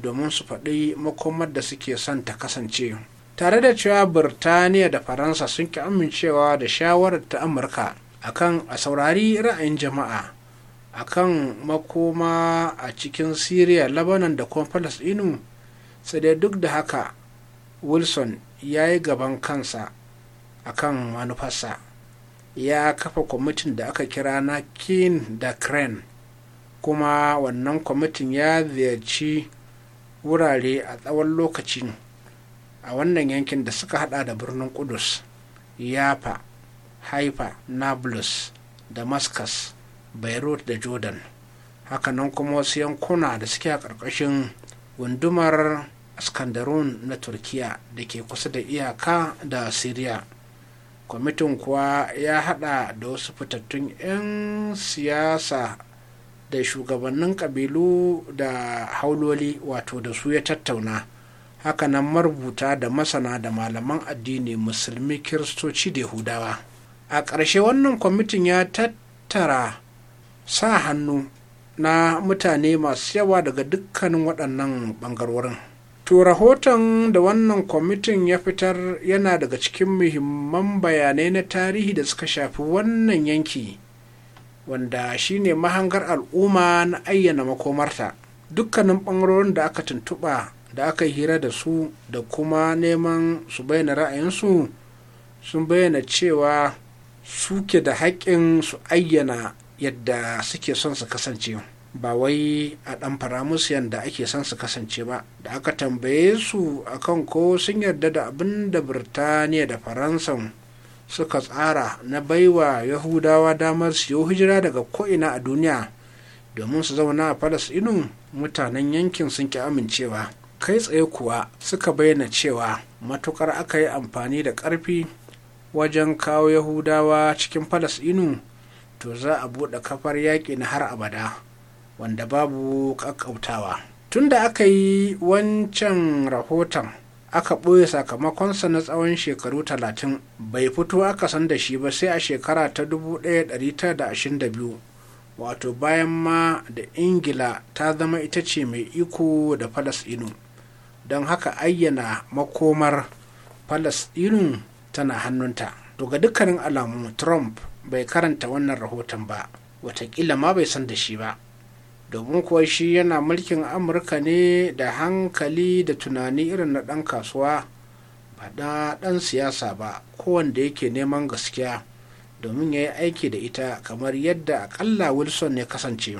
domin su faɗi makomar da suke son ta kasance tare da cewa birtaniya da faransa sun ki amincewa da shawarar ta amurka akan a saurari ra'ayin jama'a akan makoma a cikin syria lebanon da kuma inu sai dai duk da haka wilson ya yi gaban kansa akan manufarsa ya kafa kwamitin da aka kira na kin da crane kuma wannan kwamitin ya ziyarci wurare a tsawon lokacin a wannan yankin da suka hada da birnin kudus Yapa, haifa nablus damascus beirut da jordan hakanan kuma wasu yankuna da suke a ƙarƙashin gundumar askandarun na turkiya da ke kusa da iyaka da syria kwamitin kuwa ya hada da wasu fitattun 'yan siyasa da shugabannin kabilu da hauloli wato da su ya tattauna hakanan marubuta da masana da malaman addini musulmi kiristoci da hudawa. a ƙarshe wannan kwamitin ya tattara sa hannu na mutane masu yawa daga dukkanin waɗannan ɓangarorin to rahoton da wannan kwamitin ya fitar yana daga cikin muhimman bayanai na tarihi da suka shafi wannan yanki wanda shine mahangar al'umma na ayyana makomarta dukkanin ɓangarorin da aka tuntuɓa da aka yi hira da su da kuma neman su bayyana ra'ayinsu sun bayyana cewa suke da haƙƙin su ayyana yadda suke son su kasance ba wai a ɗan faramusiyan da ake son su kasance ba da aka tambaye su akan ko sun yarda da abin da birtaniya da faransan suka tsara na baiwa yahudawa damar siyo hijira daga ko'ina a duniya domin su zauna a falasɗinu mutanen yankin sun ki amincewa kai tsaye kuwa suka bayyana cewa matukar aka yi amfani da ƙarfi wajen kawo yahudawa cikin falasɗinu to za a buɗe kafar yaƙi na har abada wanda babu ƙaƙƙautawa tun da aka yi wancan rahoton aka ɓoye sakamakonsa na tsawon shekaru talatin bai fito aka san da shi ba sai a shekara ta 1922 wato bayan ma da ingila ta zama ita ce mai iko da falasɗinu don haka ayyana makomar falasɗinu tana hannunta daga dukkanin alamu trump bai karanta wannan rahoton ba watakila ma bai san da shi ba domin kuwa shi yana mulkin amurka ne da hankali da tunani irin na dan kasuwa ba da dan siyasa ba kowanda yake neman gaskiya domin ya yi aiki da ita kamar yadda akalla wilson ya kasance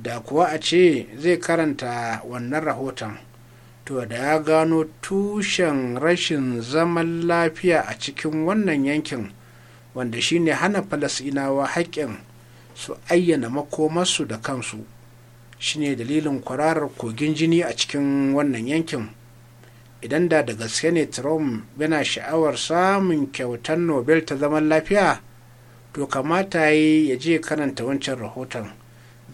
da kuwa a ce zai karanta wannan rahoton to da ya gano tushen rashin zaman lafiya a cikin wannan yankin wanda shine hana falasinawa haƙƙin su ayyana makomarsu da kansu shine dalilin kwararar kogin jini a cikin wannan yankin idan da da gaske ne trump yana sha'awar samun kyautar nobel ta zaman lafiya to kamata yi ya je karanta wancan rahoton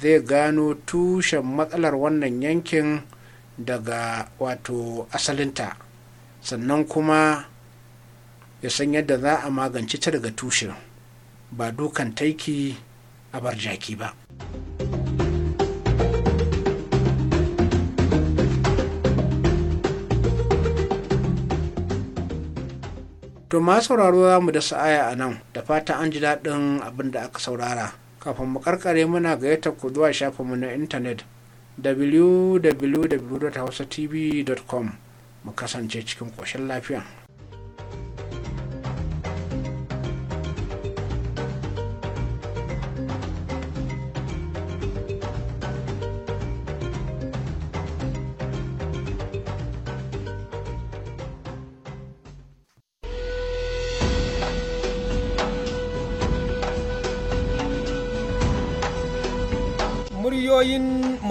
zai gano tushen matsalar wannan yankin daga wato asalinta sannan kuma ya san yadda za a magance ta daga tushen ba dukan taiki a bar jaki ba. To ma sauraro za mu da sa'aya a nan da fata an ji daɗin abin da aka saurara. Kafin mu karkare muna gayyata ku zuwa shafinmu na intanet www.hausatv.com mu kasance cikin ƙoshin lafiya.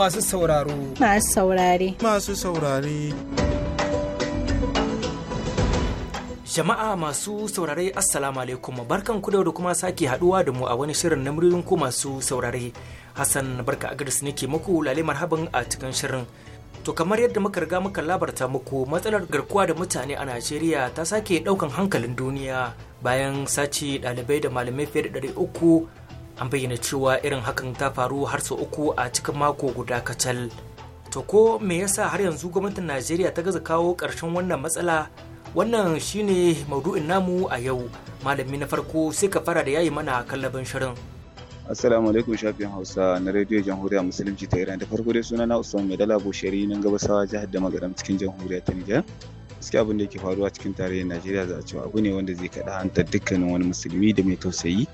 masu sauraro. Masu saurare. Masu saurare. Jama'a masu saurare Assalamu alaikum barkan ku da kuma sake haduwa da mu a wani shirin na muryoyin ku masu saurare. Hassan barka agris ne ke muku lale marhaban a cikin shirin. To kamar yadda muka riga muka labarta muku matsalar garkuwa da mutane a Najeriya ta sake daukan hankalin duniya bayan sace ɗalibai da malamai fiye da 300 an bayyana cewa irin hakan ta faru har sau uku a cikin mako guda kacal to ko me yasa har yanzu gwamnatin najeriya ta gaza kawo karshen wannan matsala wannan shine maudu'in namu a yau malami na farko sai ka fara da yayi mana kallabin shirin Assalamu alaikum shafin Hausa na Radio Jamhuriya Musulunci ta Iran da farko dai suna na Usman dala Bushari nan gabasawa jihar da magaram cikin Jamhuriya ta Nijar. Gaskiya abin da yake faruwa cikin tarayyar Najeriya za a cewa abu ne wanda zai kaɗa hantar dukkanin wani musulmi da mai tausayi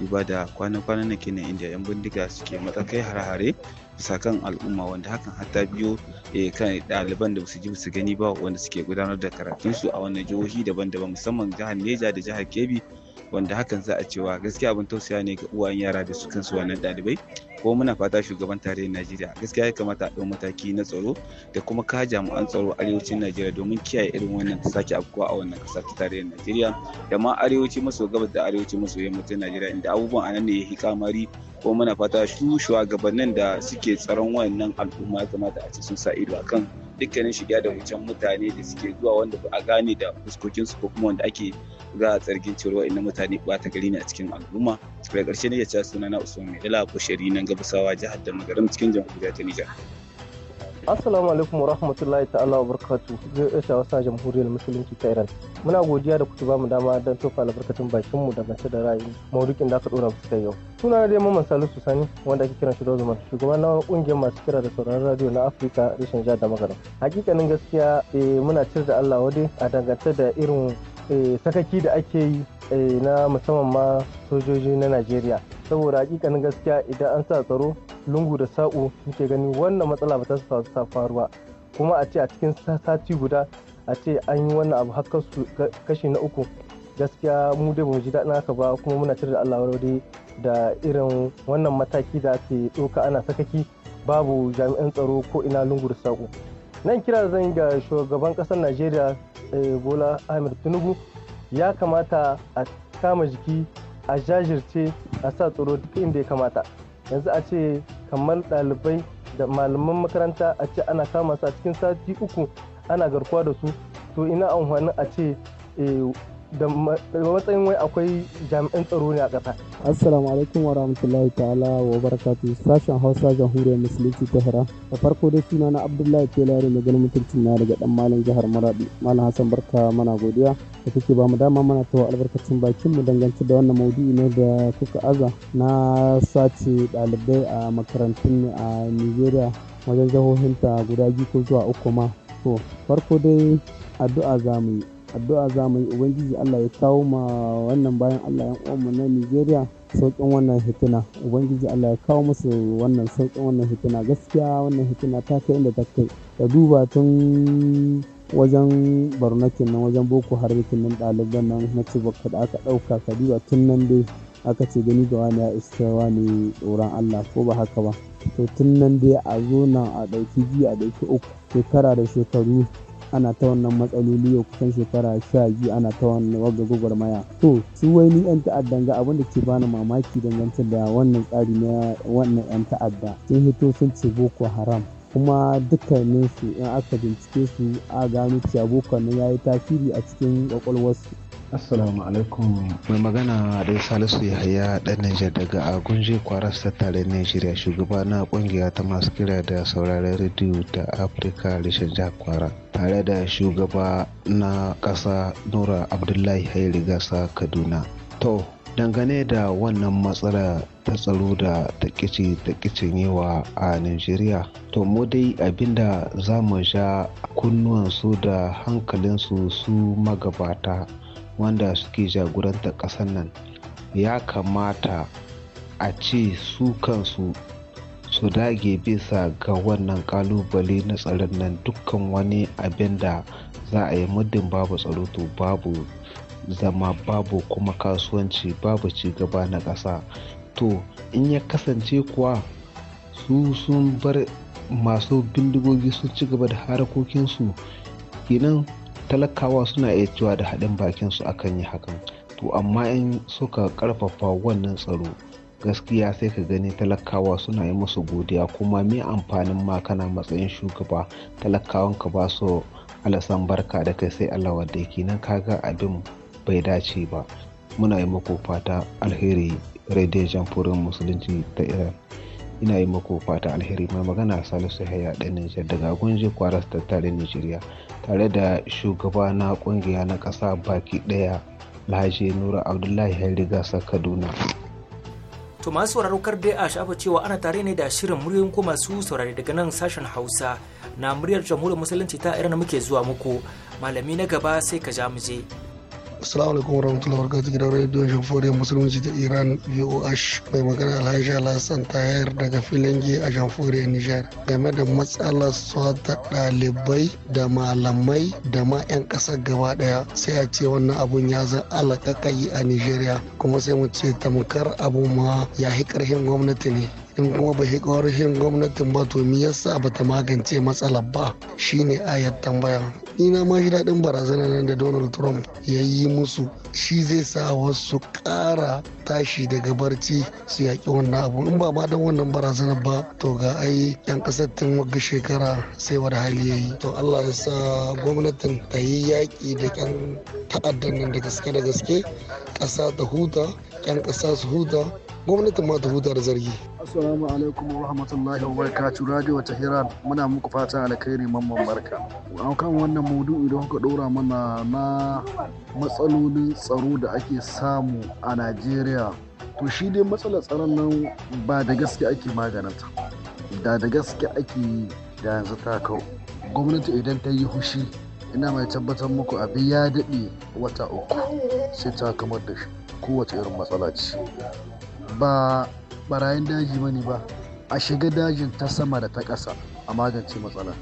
duba da kwana-kwanan na kenan inda 'yan bindiga suke matsakai har-hare bisa kan al'umma wanda hakan hatta biyo eh, kan ɗaliban da su ji su gani ba wanda suke gudanar da karatunsu a wannan jihohi daban-daban musamman jihar neja da jihar kebbi wanda hakan za a cewa gaskiya abin tausaya ne ga uwayen yara da su kansu wannan ɗalibai ko muna fata shugaban tarayyar najeriya gaskiya ya kamata a ɗau mataki na tsaro da kuma ka jami'an tsaro arewacin najeriya domin kiyaye irin wannan ta sake afkuwa a wannan ƙasa ta tarayyar najeriya da ma arewaci maso gabas da arewaci maso yammacin najeriya inda abubuwan anan ne ya yi kamari ko muna fata su shugabannin da suke tsaron wannan al'umma ya kamata a ce sun sa ido akan dukkanin shiga da wucin mutane da suke zuwa wanda ba a gane da fuskokinsu ko kuma wanda ake za a tsargin cewa wa'annan mutane ba ta gari ne a cikin al'umma daga ƙarshe ne ya ce suna usman mai dala bushari nan gabasawa jihar da magarin cikin jamhuriyar ta nijar Assalamu alaikum wa rahmatullahi ta'ala wa barakatu zai iya wasa jamhuriyar musulunci ta Iran. Muna godiya da kutuba mu dama don tofa albarkatun bakin mu dangance da ra'ayi maudukin da aka dora mu kai yau. Suna dai Mamman Salisu Sani wanda ake kiran shi da Zuman shugaban na kungiyar masu kira da sauraron radio na Afirka rashin jihar da magana. Hakikanin gaskiya eh, muna cire da Allah wade a dangantar da irin eh, sakaki da ake yi eh, na musamman ma sojoji na Najeriya. Saboda hakikanin gaskiya idan an sa tsaro lungu da saƙo muke gani wannan matsala ba ta faruwa kuma a ce a cikin sati guda a ce an yi wannan abu su kashi na uku gaskiya mu dai bamu ji daɗin haka ba kuma muna cire da Allah wadai da irin wannan mataki da ake ɗauka ana sakaki babu jami'an tsaro ko ina lungu da sako nan kira zan ga shugaban ƙasar Najeriya eh, Bola Ahmed Tinubu ya kamata a kama jiki a jajirce a sa tsaro duk inda ya kamata yanzu a ce kamar ɗalibai da malaman makaranta a ce ana kama su a cikin sati uku ana garkuwa da su to ina amfanin a ce eh, da matsayin wai akwai jami'an tsaro ne a ƙasa. Assalamu alaikum wa rahmatullahi ta'ala wa barakatu sashen Hausa jamhuriyar Musulunci Tehran. Da farko dai suna na Abdullahi yari mai ganin mutuncin na daga ɗan Malam jihar Maradi. Malam Hassan Barka mana godiya da kuke ba mu dama mana tawa albarkacin bakin mu dangance da wannan maudu'i ne da kuka aza na sace ɗalibai a makarantun a Nigeria wajen jihohinta guda biyu ko zuwa uku ma. To farko dai addu'a za mu yi. addu'a za mu yi ubangiji allah ya kawo ma wannan bayan allah yan uwanmu na nigeria sauƙin wannan hitina ubangiji allah ya kawo musu wannan sauƙin wannan hitina gaskiya wannan hitina ta kai inda ta kai da duba tun wajen barna kenan wajen boko har kenan ɗaliban nan na cibaka da aka ɗauka ka duba tun nan dai aka ce gani ga wani ya iska wani tsoron allah ko ba haka ba to tun nan dai a zo nan a ɗauki biyu a ɗauki uku shekara da shekaru ana ta wannan matsaloli yau kusan shekara sha biyu ana ta wannan wagga gwagwarmaya to su wai ni yan ta'addan ga abin da ke bani mamaki dangantar da wannan tsari na wannan yan ta'adda sun hito sun ce boko haram kuma dukkaninsu in aka bincike su a gano cewa boko nan ya yi tasiri a cikin kwakwalwarsu Assalamu alaikum mai magana da Salisu Yahaya ɗan Nijar daga agunji Kwaras ta tare Nijeriya shugaba na kungiya ta masu kira da sauraren rediyo ta Afirka Rishin Kwara tare da shugaba na ƙasa Nura Abdullahi Hairi Gasa Kaduna. To, dangane da wannan matsala ta tsaro da takici takicin yawa a Najeriya. To mu dai abinda za mu sha kunnuwansu da hankalinsu su magabata wanda suke jagoranta ƙasar nan ya kamata a ce su kansu su dage bisa ga wannan kalubale na tsaron nan dukkan wani abin da za a yi muddin babu tsaro to babu zama babu kuma kasuwanci babu ci gaba na ƙasa to in ya kasance kuwa su sun bar masu bindigogi sun ci gaba da harkokinsu kenan talakawa suna iya cewa da haɗin bakin su akan yi hakan to amma in suka karfafa wannan tsaro gaskiya sai ka gani talakawa suna yi musu godiya kuma me amfanin ma kana matsayin shugaba talakawan ka ba su alasan barka da kai sai allah wadda yake nan kaga abin bai dace ba muna yi muku fata alheri radio jamhuriyar musulunci ta iran ina yi muku fata alheri mai magana salisu haya ɗan nijar daga gunji kwaras tattalin nijeriya tare da shugaba na kungiya na ƙasa baki ɗaya lahaje Nura Abdullahi gasa Kaduna. To masu sauraro kar dai a shafa cewa ana tare ne da shirin muryoyin ko masu saurari daga nan sashen Hausa na muryar jamhuriyar musulunci ta irin muke zuwa muku malami na gaba sai ka ja mu je. Assalamu alaikum wa wabarakatuh gidan rediyon Jamhuriyar Musulunci ta Iran VOH mai magana Alhaji Alhassan Tahir daga Filinge a Jamhuriyar Nijar game da matsalar ta ɗalibai da malamai da ma 'yan ƙasar gaba ɗaya sai a ce wannan abun ya zan alakakai a Nijeriya kuma sai mu ce tamkar abu ma ya hi ƙarfin gwamnati ne in kuma ba ƙarfin gwamnatin ba to me yasa ba ta magance matsalar ba shine ayar tambaya ni na ma shi daɗin barazana nan da donald trump ya yi musu shi zai sa wasu ƙara tashi daga barci su yaƙi wannan abu in ba ma don wannan barazana ba to ga ai yan ƙasar tun wagga shekara sai wani hali ya yi to allah ya sa gwamnatin ta yi yaƙi da yan ta'addan nan da gaske da gaske ƙasa ta huta yan ƙasa su huta gwamnatin ma ta huta da zargi assalamu alaikum wa rahmatullahi wa barakatuh radio tehran muna muku fata alkhairi mamman barka a kan wannan mudu idan kuka dora mana na matsalolin tsaro da ake samu a najeriya to shi dai matsalar tsaron nan ba da gaske ake maganata da da gaske ake da yanzu ta kau gwamnati idan ta yi hushi ina mai tabbatar muku abin ya daɗe wata uku sai ta kamar da shi kowace irin matsala ce ba barayin daji mani ba a shiga dajin ta sama da ta ƙasa a magance matsala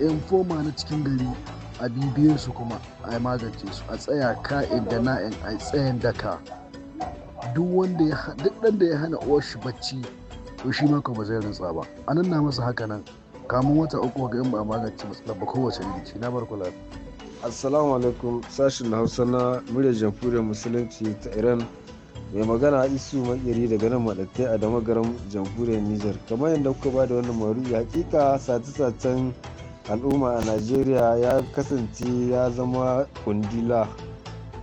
yan foma na cikin gari a bibiyar su kuma a magance su a tsaya ka'in da na'in a tsayin daka duk wanda ya duk da ya hana uwar shi bacci to shi ma ba zai rantsa ba a nan na masa haka nan kamun wata uku ga in ba a magance matsalar ba kowace iri ce na bar kula assalamu alaikum sashin hausa na muryar jamhuriyar musulunci ta iran mai magana isu maƙeri daga nan madattai a garin jamhuriyar nijar kamar yadda kuka ba da wannan maru'i hakika sace-sacen al'umma a najeriya ya kasance ya zama kundila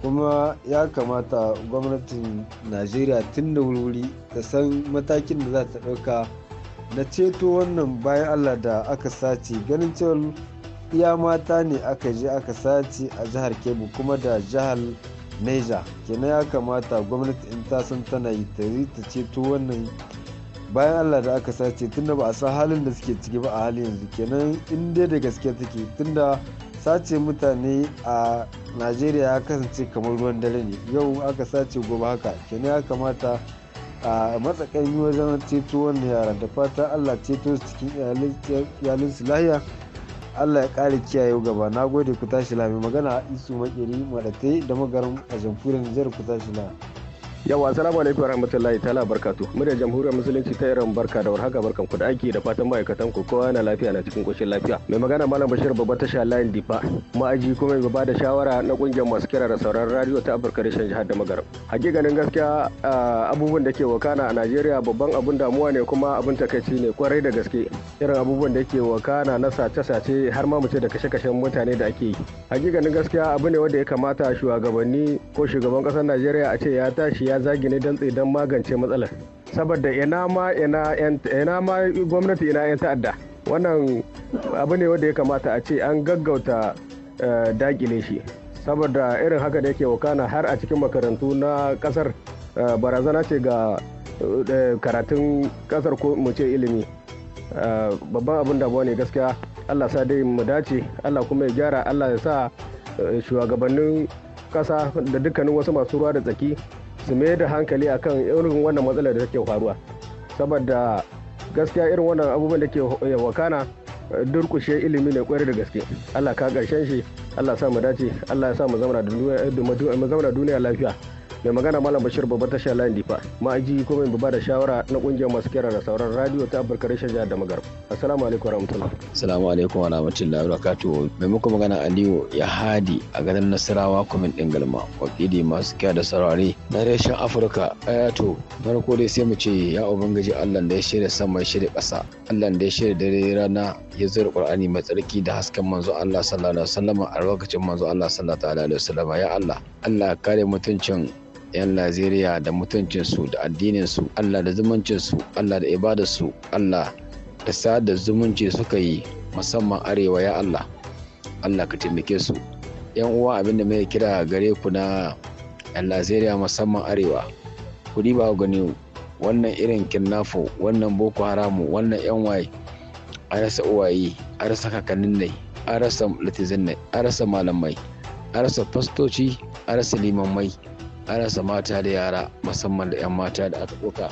kuma ya kamata gwamnatin najeriya tun da wuri ta san matakin da za ta ɗauka na ceto wannan bayan allah da aka sace ganin cewar iya mata ne aka je aka sace a jihar kebbi kuma da jihar neja kenan ya kamata gwamnati in ta san tana yi ta ta ceto wannan bayan allah da aka sace tunda ba a san halin da suke ciki ba a halin yanzu kenan in dai da gaske take tunda sace mutane a najeriya ya kasance kamar ruwan dare ne yau aka sace gobe haka kenan ya kamata a matsakaimi wajen ceto wannan yara da fata allah ceto su cikin iyalinsu lahiya allah ya ƙara kiyaye gaba na gode ku tashi lami magana isu makeri maɗate da magaran a jamhuriyar nijar ku tashi lami yawa assalamu alaikum warahmatullahi ta'ala barkatu mu da jamhuriyar musulunci ta iran barka da warhaka barkan ku da aiki da fatan ma'aikatan ku kowa na lafiya na cikin koshin lafiya mai magana malam bashir babba tasha layin difa ma'aji kuma mai bada shawara na kungiyar masu kira da sauran radio ta afirka shan jihar da magarab hakikanin gaskiya abubuwan da ke wakana a najeriya babban abun damuwa ne kuma abun takaici ne kwarai da gaske irin abubuwan da ke wakana na sace-sace har ma mu ce da kashe-kashen mutane da ake yi hakikanin gaskiya abu ne wanda ya kamata shugabanni ko shugaban kasar najeriya a ce ya tashi ya zagi ne dantse don magance matsalar saboda ina ma ina ma gwamnati ina 'yan ta'adda wannan abu ne wanda ya kamata a ce an gaggauta eh, dakile shi saboda irin haka da yake wakana har a cikin makarantu na kasar eh, barazana ce ga eh, karatun kasar ko mu ce ilimi babban abin da ne gaskiya allah sa dai mu dace allah kuma ya gyara allah ya sa shugabannin kasa da dukkanin wasu masu ruwa da tsaki su mai da hankali akan irin wannan matsalar da take faruwa saboda gaskiya irin wannan abubuwan da ke wakana durkushe ilimi ne kwarai da gaske Allah ka karshen shi Allah sa mu dace Allah ya sa mu zauna duniya lafiya mai magana malam bashir babban tashar layin difa ma'aji ko mai babba da shawara na kungiyar masu kira da sauran radio ta afirka rashin jihar da magar assalamu alaikum warahmatullah assalamu alaikum warahmatullahi wabarakatuh mai muku magana aliyu ya hadi a gadon nasarawa kwamin din galma wakili masu kira da saurare na rashin afirka ayato eh, farko dai sai mu ce ya ubangiji allah da ya shirya sama ya shirya ƙasa allah da ya shirya dare rana ya zura qur'ani mai tsarki da hasken manzo allah sallallahu alaihi wasallam a lokacin manzo allah sallallahu alaihi wasallam ya allah allah kare mutuncin 'yan Najeriya da mutuncinsu da addininsu Allah da zumuncinsu Allah da ibadarsu Allah da sa'ad da zumunci suka yi musamman arewa ya Allah Allah ka taimake su yan uwa abinda mai kira gare ku na 'yan Najeriya musamman arewa ku ba gani wannan irin kinnafo wannan boko haramu wannan yan waye an rasa uwaye an rasa kakannin ne an rasa litizin ne an rasa malamai an rasa fastoci a rasa limamai an rasa mata da yara musamman da 'yan mata da aka ɗauka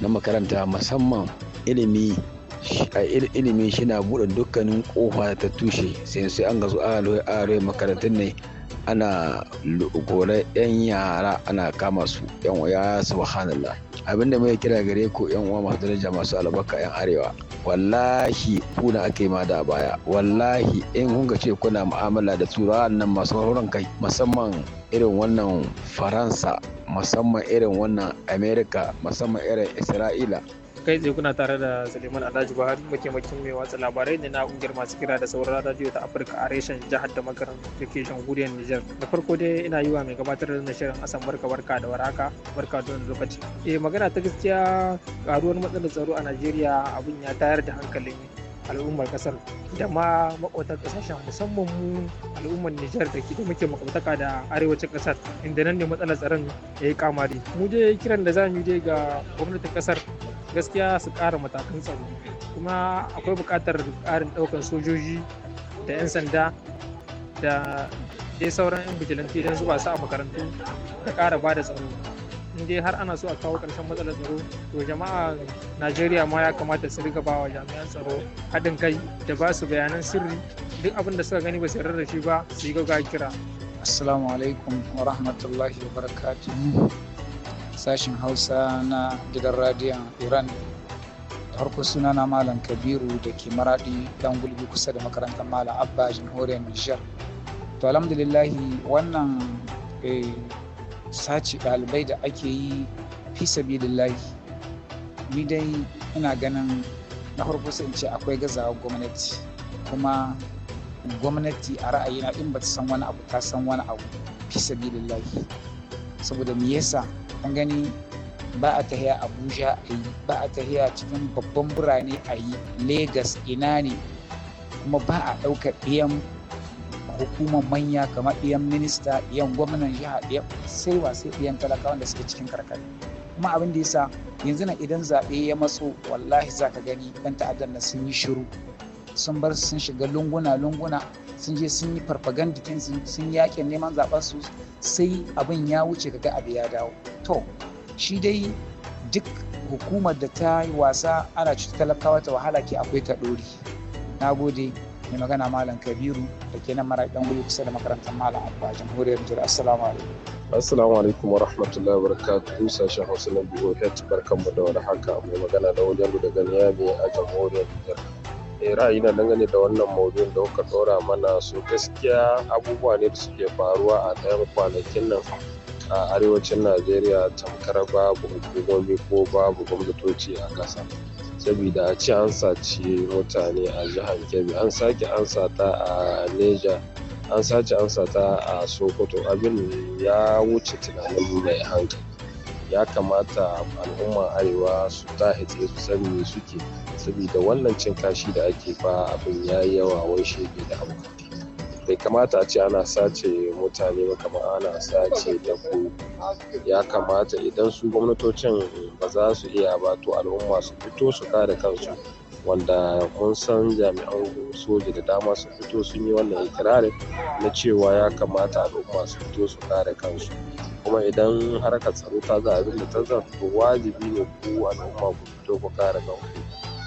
na makaranta musamman ilimi ilimi na buɗe dukkanin ƙofa ta tushe sai sai an gazu aroe makarantun ne ana gore 'yan yara ana kama su 'yan uwa subhanallah abinda mai kira gare ku 'yan uwa masu daraja masu albarka 'yan arewa wallahi kuna ake ma da baya wallahi in kun ce kuna mu'amala da turawan nan masu kai musamman irin wannan faransa musamman irin wannan amerika musamman irin isra'ila kai tsaye kuna tare da suleiman alhaji buhari mataimakin mai watsa labarai ne na kungiyar masu kira da sauran radio ta afirka a reshen jihar da makarar da ke jamhuriyar nijar da farko dai ina yi mai gabatar da shirin asan barka barka da waraka barka don lokaci eh magana ta gaskiya karuwar matsalar tsaro a najeriya abin ya tayar da hankalin al'ummar kasar da ma makwatar kasashen musamman mu al'ummar Nijar da ke da muke makwataka da arewacin kasar inda nan ne matsalar tsaron ya yi kamari mu dai kiran da za mu dai ga gwamnatin kasar gaskiya su ƙara matakan tsaro kuma akwai buƙatar ƙarin ɗaukar sojoji da 'yan sanda da dai sauran bijilanti don zuba su a makarantu da ƙara ba da tsaro dai har ana so a kawo ƙarshen matsalar tsaro to jama'a najeriya ma ya kamata su riga ba wa jami'an tsaro haɗin kai da ba su bayanan sirri duk abin da suka gani ba su yarda da shi ba su yi gaggawa kira assalamu alaikum wa rahmatullahi wa barakatuhu sashen hausa na gidan radiyon iran harko suna na malam kabiru da ke Maraɗi, dan gulbi kusa da makarantar malam abba jamhuriyar nijar to alhamdulillahi wannan eh, sace ɗalibai da ake yi fi lahi, ni dai ina ganin na farko sai ce akwai gazawa gwamnati kuma gwamnati a ra'ayina in ba ta san wani abu ta san wani abu fi lahi. saboda me yasa an gani ba a tahiya abuja a yi ba a tahiya cikin babban birane a yi Legas ina ne kuma ba a ɗaukar hukumar manya kamar ɗiyan minista ɗiyan gwamnan jiha ɗiyan sai wa sai ɗiyan talakawan da suke cikin karkara kuma abin da yasa yanzu na idan zaɓe ya matso wallahi zaka gani ɗan ta'addar na sun yi shiru sun bar sun shiga lunguna-lunguna sun je sun yi farfaganda sun yakin neman zaɓen su sai abin ya wuce kaga abu ya dawo to shi dai duk hukumar da ta yi wasa ana cuta talakawa ta wahala ke akwai ta ɗori na gode mai magana malam kabiru da ke nan mara dan wuri kusa da makarantar malam abu a jamhuriyar nijar assalamu alaikum assalamu alaikum wa rahmatullahi wa barakatuhu sashen hausa na biyu h barkan mu da wani haka mai magana da wajen daga ne a jamhuriyar nijar eh, ra'ayi na dangane da wannan maudu'in da kuka ɗora mana su gaskiya abubuwa ne da suke faruwa a ɗayan kwanakin nan a arewacin najeriya tamkar babu hukumomi ko babu gwamnatoci a ƙasa saboda a ce an saci mutane a jihar kebbi an sake an sata a neja an sace an sata a sokoto abin ya wuce tunanin mai hankali ya kamata al'ummar arewa su ta tsaye su sani suke saboda wannan cin kashi da ake ba abin ya yi yawa wai shege da hauka bai kamata a ce ana sace mutane ba kamar ana sace dabbobi ya kamata idan su gwamnatocin ba za su iya ba to al'umma su fito su kare kansu wanda mun san jami'an soja da dama su fito sun yi wannan ikirarin na cewa ya kamata al'umma su fito su kare kansu kuma idan harkar tsaro ta ga abin da ta zarto wajibi ne ku al'umma ku fito ku kare kanku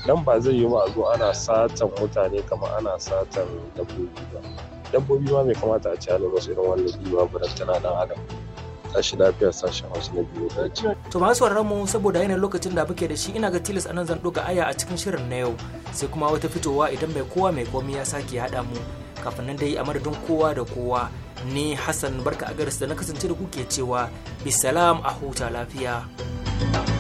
nan ba zai yi ba a zo ana satan mutane kamar ana satan dabbobi ba dabbobi ma bai kamata a ci hannu ba don wannan ɗiba tana nan adam tashi lafiya sashen hausa na biyu da ci. to masu sauraron mu saboda yanayin lokacin da muke da shi ina ga tilas nan zan ɗoga aya a cikin shirin na yau sai kuma wata fitowa idan mai kowa mai komi ya sake haɗa mu kafin nan dai a madadin kowa da kowa ni hassan barka a garis da na kasance da kuke cewa bisalam a huta lafiya. thank you